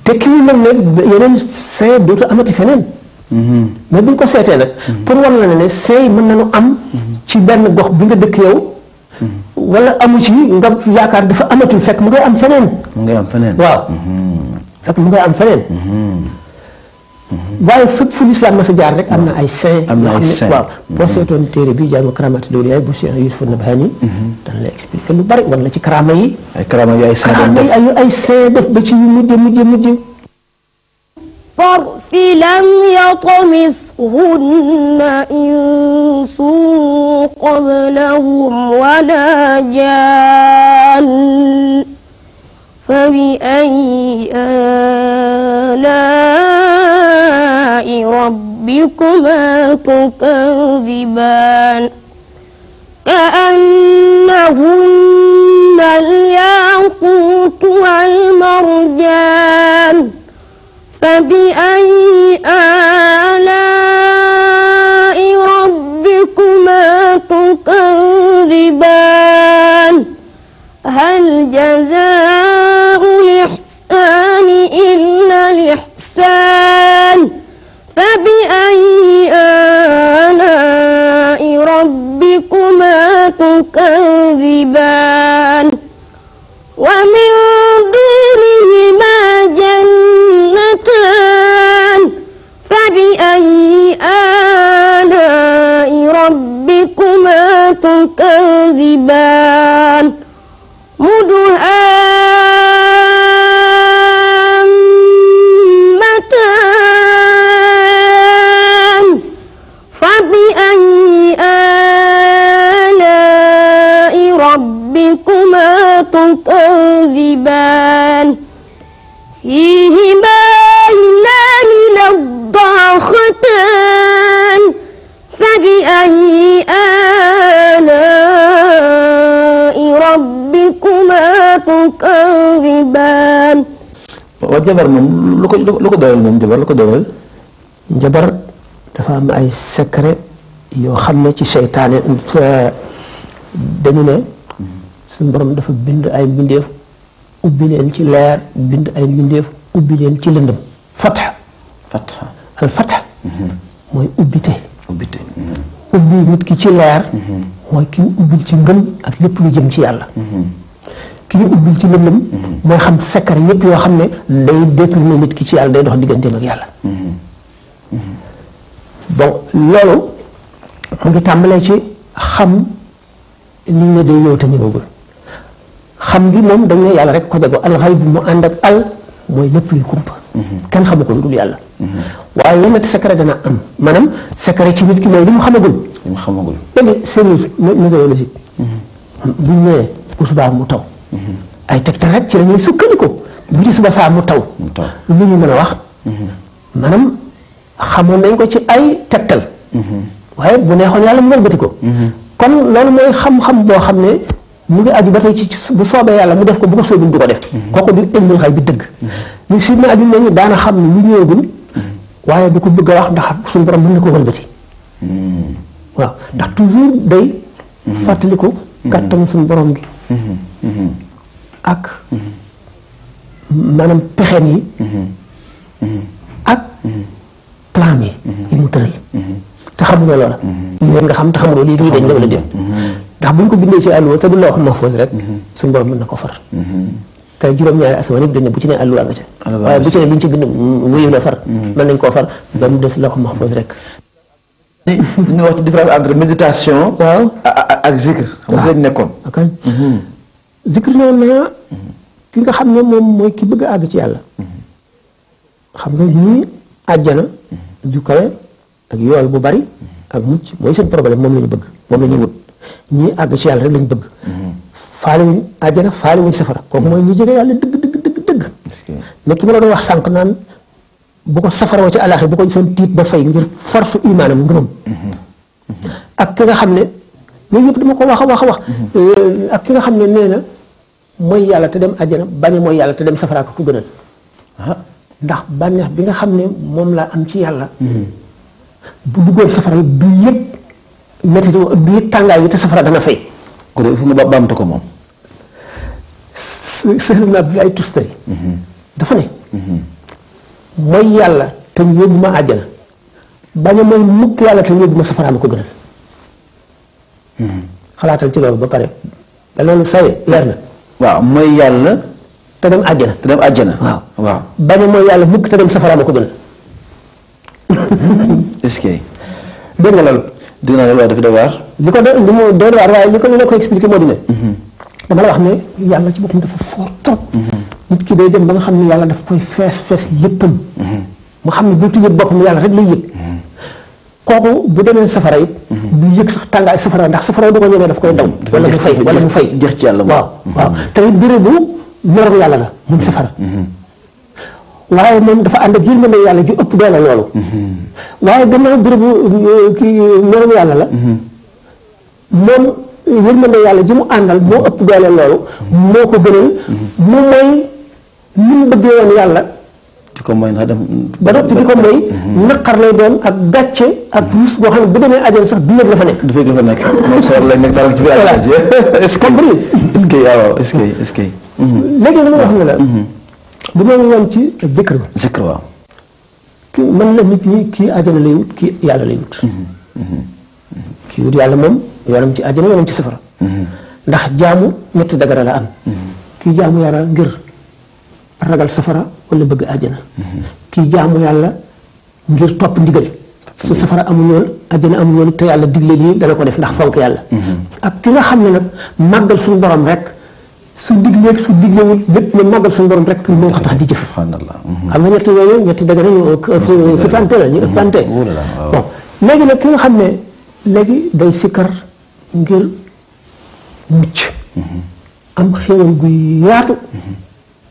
te ki ñu mel ne yeneen saint dootu amati feneen. mais buñ ko seetee nag. pour wan la ne seey mën nañu am. ci benn gox bi nga dëkk yow. wala amu ci nga yaakaar dafa amatul fekk mu ngay am feneen. mu ngay am feneen waaw. Mhm. fekk mu ngay am feneen. Mhm. waaye fépp fu lislaam ma sa jaar rek am na ay saint am na ay saint waaw mhm. boo seetoon téere bii jaay ma karaamaati doolu yaay bu Cheikh Yusuf Nabhani dana la expliqué lu bari wala ci karaama yi ay karaama yu ay saint def ay saint ba ci yu mujj mujj mujj الطرف لم يطمثهن إنس قبلهم ولا جان فبأي آلاء ربكما تكذبان كأنهن الياقوت والمرجان فبأي تقربان waaw jabar moom lu ko lu moom jabar lu ko doyal. jabar dafa am ay secret yoo xam ne ci seytaane dañu ne suñu borom dafa bind ay mbindeef ubbi leen ci leer bind ay mbindeef ubbi leen ci lëndëm. fatha. al fatha. Mhm. mooy ubbite. ubbite. ubbi nit ki ci leer. Mhm. mooy ki ubbi ci ngëm ak lépp lu jëm ci yàlla. Mhm. ki ñu ubbil ci lëndëm mooy xam sakkar yépp yoo xam ne day détourné nit ki ci yàlla day dox digganteem ak yàlla bon loolu mu ngi tàmbalee ci xam li ne day ñëw ñëwagul xam ngi moom dañ ne yàlla rek ko jago alxay bi mu ànd ak al mooy lépp luy kumpa kenn xamu ko lu dul yàlla waaye yenn secret dana am maanaam secret ci nit ki mooy li mu xamagul li mu xamagul léegi service météorologique bu ñëwee bu subaa mu taw ay tegtal rek ci la ñuy ko bu ci suba saa mu taw. mu taw lu ñu mën a wax. Mhm. maanaam xamoon nañ ko ci ay tegtal. Mhm. waaye bu neexoon yàlla mu wëlbati ko. Mhm. kon loolu mooy xam-xam boo xam ne mu ngi aju ba tey ci bu soobee yàlla mu def ko bu ko soobul du ko def. kooku du ilmul xay bi dëgg. si ne adduna daana xam lu ñëwagul. waaye du ko bëgg a wax ndax suñu borom mën na ko wëlbati. waaw ndax toujours day. ko kàttanu suñu borom gi. ak maanaam pexem yi ak plan yi yi mu tëral te xamuñu loola lii rek nga xam te xamuñu lii lii dañ la wala déet ndax buñ ko bindee ci àlluwa te bu la wax mahfuz rek suñu borom mën na ko far te juróom-ñaari asamaan yëpp dañ ne bu ci ne àlluwa nga ca waaye bu ci ne luñ ci bind wéyu la far mën nañ koo far ba mu des la ko mahfuz rek di ñu wax ci différence entre méditation. waaw ak zikr. xam nga nekkoon. ok mhm. zikr nee mhm. ki nga xam ne mooy ki bëgg a ci yàlla. Mhm. xam nga ñuy àjjana. ju kawe ak yool bu bari. ak mucc mooy seen problème moom la ñu bëgg moom la ñuy wut ñuy àgg ci yàlla rek lañ bëgg. faale wuñ àjjana faale wuñ safara kooku mooy ñu jege yàlla dëgg dëgg dëgg dëgg. ma la doon wax sànq naan. bu ko safaroo ci alaaxir bu ko gisoon tiit ba fay ngir force imaanam ngëmam ak ki nga xam ne loolu yëpp dama ko wax a wax a wax ak ki nga xam ne nee na mooy yàlla te dem àjjana bañ a mooy yàlla te dem safara ko ku ah. bànneex bi nga xam ne moom laa am ci yàlla bu duggoon safara du yëg métti du yëg tàngaay yi te safara dana fay ko def fu mu baamte ko moom Sëriñ Abdoulaye Tustari mhm. dafa ne mhm. mooy yàlla te yóbbu ma àjjana bañ a mooy mukk yàlla te yóbbu ma safaraama ko gënal xalaatal ci loolu ba pare da loolu saye leer na waaw mooy yàlla te dem àjjana te dem àjjana waaw waaw bañ mooy yàlla mukk te dem safaraama ko gënal est-ce que naa loolu dafa doy ko doy waar waaye li ko li la ko expliqué moo di dama la wax ne yàlla ci boppam dafa fort trop. nit ki day dem ba nga xam ne yàlla dafa koy fees fees léppam. mu xam ne bu yëg boppam yàlla rek lay yëg. kooku bu demee safara it. du yëg sax tàngaay safara ndax safara du ko ñemee daf koy daw. wala mu fay yàlla waaw waaw yàlla la mun safara. waaye moom dafa ànd ak yërmande yàlla ju ëpp doole loolu. waaye gannaaw bérébu kii loram yàlla la. moom. yërmande yàlla ji mu àndal moo ëpp doole loolu moo ko gënal moom mooy li mu bëggee woon yàlla di ko mooy na dem ba noppi di ko mooy naqar lay doon ak gàcce ak ruus boo xam ne bu demee ajoon sax du yëg la fa nekk la fa nekk moom soor lay nekk daal ci biir ajoon est-ce que est-ce que waaw mhm. ma wax ne la mhm. du ma woon ci jëkkër ba jëkkër waaw kii mën na nit ñi kii ajoon lay wut kii yàlla lay wut mhm. kii wut yàlla moom yoonam ci àjjana yoonam ci safara mhm. ndax jaamu ñetti dagara la am mhm. kii jaamu yàlla ngir ragal safara wala bëgg àjjana mhm. kii jaamu yàlla ngir topp ndigal su safara amuñu woon àjjana amuñu woon te yàlla digle lii dana ko def ndax fonk yàlla ak ki nga xam ne nag màggal suñu borom rek su digleeg su diglewul lépp ne màggal suñu borom rek moo tax di jëf subhanallah xam nga ñetti yooyu ñetti dagara ñu supplanté la ñu ëppante bon léegi nag ki nga xam ne léegi day sikkar ngir mucc am xéewal gu yaatu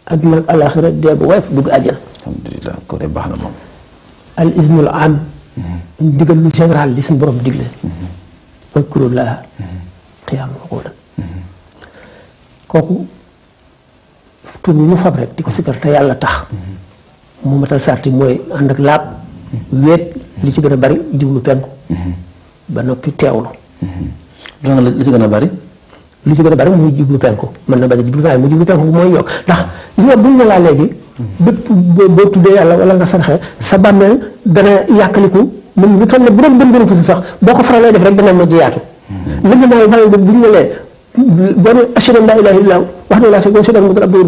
ak nag alaaxira dee bu woyof dugg àjjana ko de baax na moom al iznul am ndigal lu général li suñu borom digle wakurullaha xiyaama waquulan kooku tur bi mu fab rek di ko sikkar te yàlla tax mu matal sarti mooy ànd ak laab weet li ci gën a bari jublu penku ba noppi teewlu dana la li si gën a bari li si gën a bari muy jublu penku mën na bañ a jublu waaye mu jublu penku mooy yokk ndax gis nga buñ ne laa léegi bépp tuddee yàlla wala nga sarxe sa bàmmeel dana yàqaliku mën lu toll ne bu doon bën boo ko faralee def rek dana mujj ba buñ ne lee boo ne ashhadu an laa ilaaha illallaah wahdahu laa shariika lahu wa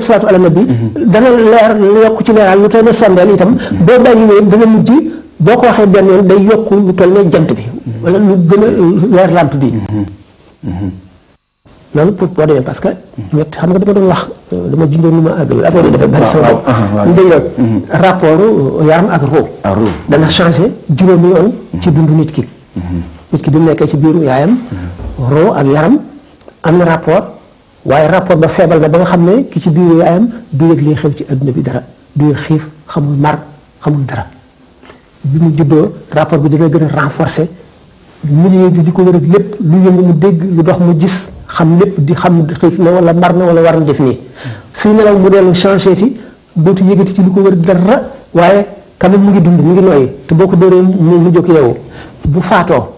ashhadu anna muhammadan dana leer yokk ci leeral lu dana mujj boo ko waxee benn yoon day yokk lu toll ne jant bi. wala lu gën a leer lamp bi. loolu pour boo demee parce que. ñett xam nga dama doon wax dama junjoon lu ma àggal affaire yi dafa bari mm-hmm. rapport yaram ak roo. Ah, dana changé juróomi yoon. ci mm-hmm. dundu nit ki. Mm-hmm. nit ki bi mu nekkee ci biiru yaayam. roo ak yaram am na rapport waaye rapport ba feebal na ba nga xam ne ki ci biiru yaayam du yëg li xew ci àdduna bi dara du yëg xiif xamul mar xamul dara. bi mu juddoo rapport bi dafay gën a renforcer milieu bi di ko wër lépp lu mu dégg lu dox mu gis xam lépp di xam na wala mar na wala war def nii suy nelaw mu dellu changé ci dootu yëgati ci lu ko wër dara waaye quand même mu ngi dund mu ngi noyyi te boo ko dóoree mu jóg yeewu bu faatoo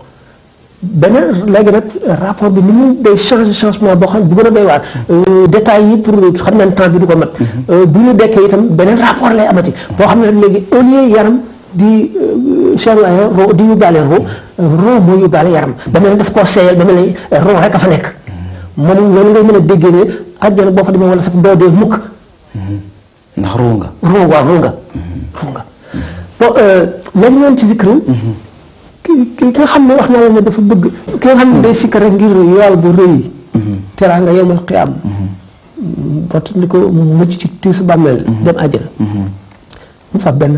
beneen léegi nag rapport bi nu mu day changé changement boo xam bu gën a doy waar euh, détails yi pour xam naa temps bi du ko mat mhm. euh, bu ñu dekkee itam beneen rapport lay amati boo xam ne léegi au lieu yaram di euh, charloyer ro di yóbbaale ro mooy yóbbaale yaram ba mel ne daf koo seeyal ba mel ne euh, ro rek a fa nekk moom loolu ngay mën a déggee ne àjjana boo fa demee wala sax doo dee mukk mm-hmm. ndax ro nga ro waaw nga mm-hmm. ro nga bon euh, noonu ci zikr mm-hmm. ki ki xam ne wax naa la dafa bëgg ki xam ne day sikkar rek ngir yool bu rëy teraa nga yowmal xiyaam wat ni ko mucc ci tiisu bàmmeel dem àjjana mu fa benn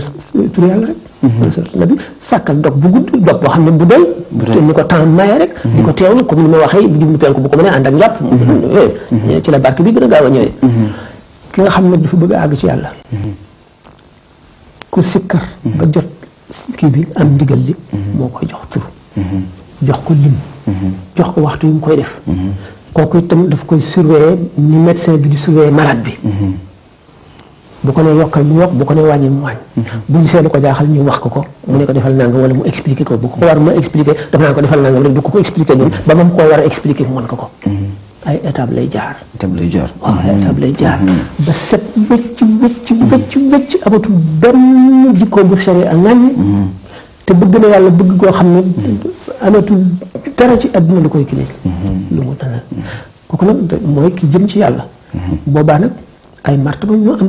tur yàlla rek. rasulullah mhm. bi sàkkal dog bu gudd dog boo xam bu doy. te ni ko maye rek. Mhm. di ko teewlu comme ni ma waxee bu jublu penku bu ko mënee ànd ak njàpp. Mhm. Eh, eh, ci la barke bi gën a gaaw ki nga xam dafa bëgg a ci yàlla. ku sikkar. ba jot kii bi am ndigal li. moo koy jox jox ko lim. jox ko waxtu koy def. daf koy surveiller ni médecin bi di surveiller malade bi. bu ko nee yokkal mu yokk bu ko nee wàññi mu wàññ mhm. bu ñu seetlu ko jaaxal ñu wax ko ko mu ne ko defal nangam wala mu expliqué ko bu ko war ma expliqué daf naa ko defal nangam rek du ko expliqué ñun war a expliqué mu ko ko mhm. ay lay jaar étape lay jaar waaw ay étape lay jaar mhm. ba set wëcc wëcc wëcc wëcc amatul benn jikkoo bu sori ak ŋàññ te bëgg na yàlla bëgg koo xam ne amatul ci àdduna lu koy kileel lu mu dana kooku nag mooy ki jëm ci yàlla boobaa nag ay martaba ñu am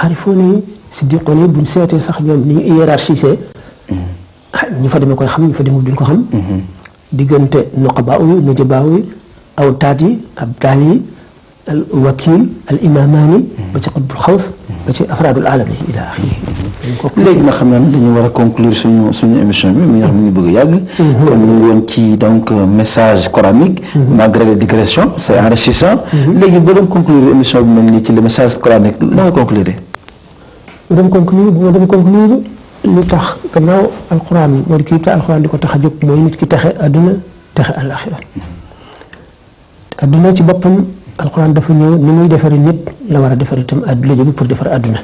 xarifoon siddiqoon yi buñ seetee sax ñoom ni ñu hiérarchisé ñu fa demee koy xam ñu fa demul duñ ko xam diggante nuqabaaw yi nujabaaw yi awtaat yi abdaal yi al wakil al imamaani ba ci xutbul xaws ba ci afraadul alami ila axiri léegi nag xam naa ne dañu war a conclure suñu suñu émission bi mi nga xam ne ñu bëgg a yàgg kon ñu ngi woon ci donc message coranique malgré les digressions c'est enrichissant léegi ba doon conclure émission bi mel nii ci le message coranique loo conclure mu dem conclure mu dem conclure lu tax gannaaw alxuraan mooy kii te alxuraan di ko tax a jóg mooy nit ki texe àdduna texe àllaaxira àdduna ci boppam alxuraan dafa ñëw ni muy defari nit la war a defari itam àdduna jóge pour defar àdduna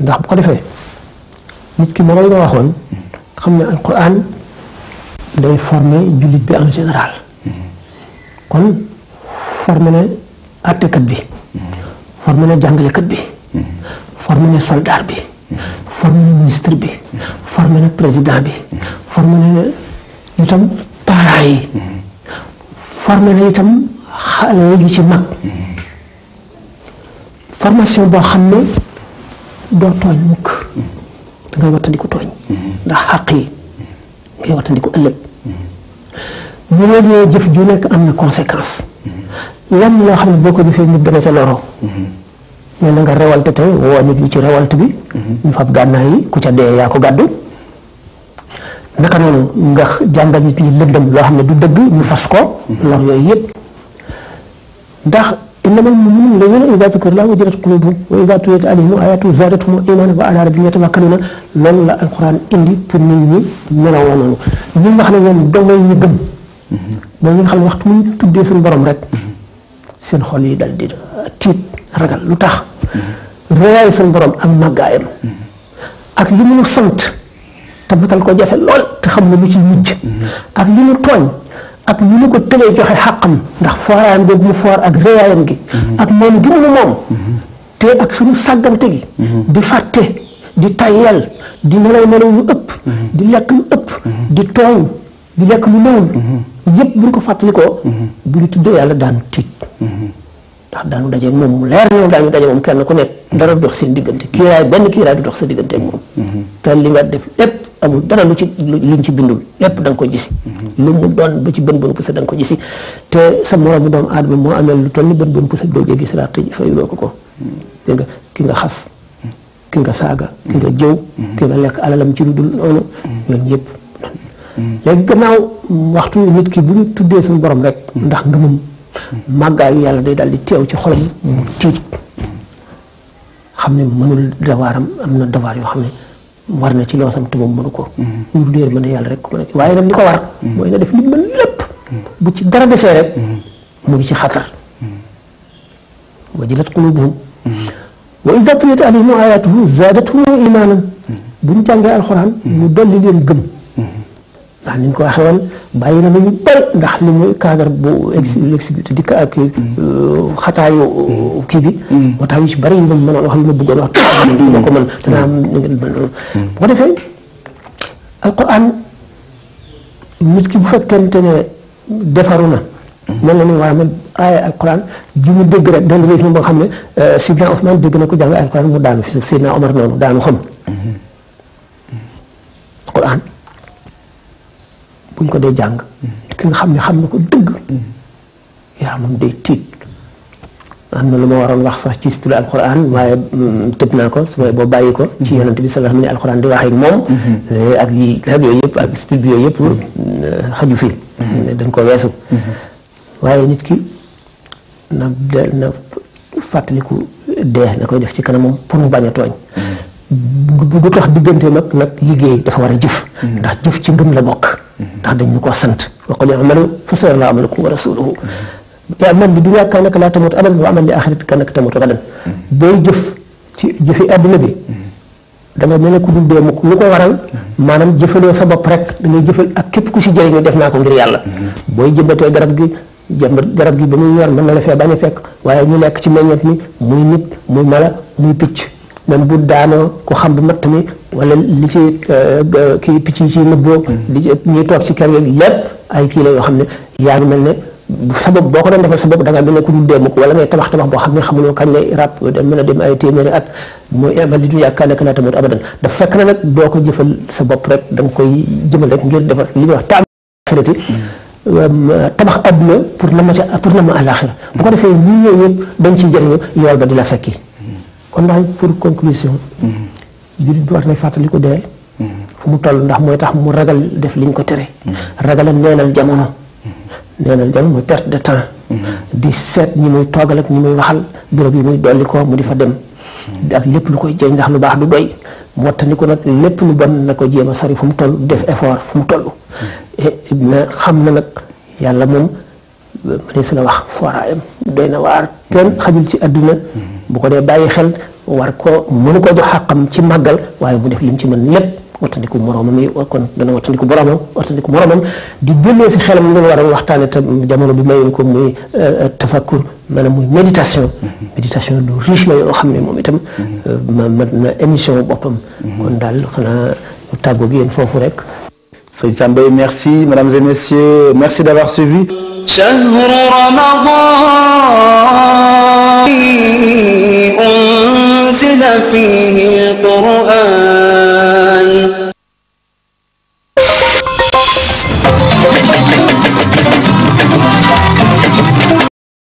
ndax bu ko defee nit ki ma lay ma waxoon xam ne alxuraan day former jullit bi en général kon former na àttekat bi former na jàngalekat bi formé na soldat bi formé na ministre bi formé président bi formé na tam parents yi formé na itam xale ci mag formation boo xam ne doo tooñ mukk da wattandiku tooñ ndax xàq yi ngay wattandiku ëllëg mu ne ñoo jëf ju nekk am na conséquence lan loo xam ne boo ko jëfee nit dana ca loroo nee na nga rewalte tey woo nit ñi ci rewalte bi. Mhm. ñu fab gànnaay yi ku ca dee yaa ko gàddu. naka noonu nga jàngal nit ñi lëndëm loo xam ne du dëgg ñu fas ko. Mhm. lor yooyu yëpp. ndax innamal mu'minuuna llaziina izaa zukira llaahu wajilat quluubuhum wa izaa tuliyat alayhim aayaatuhu zaadathum iimaanan wa alaa rabbihim loolu la alquran indi pour nit ñi meloo la noonu ñun nga xam ne ñoom dong ñu gëm. Mhm. mooy ñi nga xam ne waxtu mu ñu tuddee suñu borom rek. seen xol yi dal di euh, tiit ragal lu tax réyaay sun borom ak màggaayam ak li mu sant te matal ko jafe lool te xam ne lu ci mujj ak li mu tooñ ak ni mu ko tëlee joxe xàqam ndax fooraayam boobu mu foor ak réyaayam gi ak moom gi mu moom te ak suñu sàggante gi di fàtte di tayel di nelaw nelaw yu ëpp di lekk lu ëpp di tooñ di lekk lu néewul yëpp buñ ko fàttalikoo. Mhm. buñ tuddee yàlla daanu tiit. Mhm. ndax daanu daje moom mu leer ñoom daañu daje moom kenn ku nekk mhm. dara dox seen diggante kiiraay benn kiiraay du dox sa diggante ak moom. te li nga def lépp amul dara lu ci luñ ci bindul lépp da ko gisi lu mu doon ba ci bën bën pusa da nga ko gisi te sa moromu doomu aadama moo amee lu toll ni bën bën pusa doo jee gis laa tëj fayuloo ko ko. dégg nga ki nga xas. ki nga saaga. ki nga jëw. ki nga lekk alalam ci lu dul noonu. yëpp. léegi gannaaw waxtu nit ki bu ñu tuddee suñ borom rek ndax ngëmam màggaayu yàlla day daal di teew ci xolam mu tiit xam ne mënul dawaaram am na dawaar yoo xam ne war na ci loosam te moom mënu ko lu leer mën a yàlla rek ko mën a waaye nag li ko war mooy na def li mën lépp bu ci dara desee rek mu ngi ci xatar wajilat qulubuhum wa iza tuliyat alayhim ayatuhu bu ñu jàngee alxuraan mu dolli leen gëm ndax ni ko waxee woon bàyyi na lu ñu ndax li muy cadre bu ex mm. l'exécutif dikk ak mm. euh, xataayu mm. kii bi. moo tax yu ci bari yu ma mënoon wax yu ma bëggoon wax. ma ko mën danaa am bu ko nit bu fekkente ne defaru na. mel na ni waaye man aaya alquran ji mu dégg rek dellu réew mi nga xam ne si euh, Sidna Ousmane dégg na ko jàng alquran mu daanu fi Sidna Omar noonu daanu xam. Mm-hmm. buñ ko dee jàng ki nga xam ne xam na ko dëgg yaramam day tiit am na lu ma waroon wax sax ci si tudd waaye mm, tëb naa ko su boo bàyyi ko. ci mhm. yonent bi sallallahu alayhi wa sallam alquran di wax ak moom. Mhm. Eh, ak yi rajo yëpp ak studio yëpp. Mhm. Eh, xaju fi. dañ ko weesu. waaye nit ki na de na fàttaliku dee na koy def ci kanamam pour mu bañ a tooñ. bu tax diggante mag nag liggéey dafa war a jëf. ndax jëf ci ngëm la bokk. ndax dañ ñu ko sant wa qul i'malu fa sayara llaahu amalakum wa rasuluhu i'mal li dunyaa kaanaka laa tamuutu abadan wa amal li aaxirati kaanaka tamuutu gadan booy jëf ci jëfi àdduna bi da mel ne ku dul dee mukk lu ko waral maanaam jëfaloo sa bopp rek da ngay ak képp ku si jëriñu def naa ko ngir yàlla booy jëmbatee garab gi jëmbat garab gi ba muy ñor mën na la fee bañ fekk waaye ñu nekk ci meññeet mi muy nit muy mala muy picc même bu daanoo ko xam bu matt mi wala li ci euh, kii picc yi ci nëbboo li ñuy toog ci kër yeeg lépp ay kii la yoo xam ne yaa ngi mel ne sa bopp boo ko doon defal sa bopp da nga mel ne ku dul dee mukk wala ngay xam ne xamuloo kañ lay ràpp da mën a dem ay téeméeri at mooy amal li du yaakaar nekk fekk na nag ko jëfal sa bopp rek da nga koy jëmal rek ngir defal li ñuy wax taam xirati euh, tabax àdduna pour na ma ca pour na ma àllaaxira bu ko defee ñi ñëw ñëpp dañ ciy jëriñu yool ba di la fekki kon daal pour conclusion. Mm-hmm. jullit bi war na fàttali ko dee. Mm-hmm. fu mu toll ndax mooy tax mu ragal def liñ ko tere. Mm-hmm. ragal neenal jamono. neenal jamono mooy perte de temps. di seet ñi muy toogal ak ñi muy waxal bureau bi muy dolli ko mu di fa dem. ak lépp lu koy jëriñ ndax lu baax du doy moo tax ni ko nag lépp lu bon na ko jéem a sori fu mu toll def effort fu mu toll. Eh, na xam na nag yàlla moom mënees la wax fooraayam doy na waar kenn xajul ci àdduna bu ko dee bàyyi xel war ko mënu ko jox xàqam ci màggal waaye bu def lim ci mën lépp wattandiku moroomam yi kon dana wattandiku boromam wattandiku moromam di génnee fi xelam lu waroon waxtaane te jamono bi mayu ko muy tafakkur maanaam muy méditation méditation lu riche la yoo xam ne moom itam ma mat na émission boppam kon daal xanaa tàggoo gi yéen foofu rek Saïd merci. Mesdames et messieurs, merci d'avoir suivi.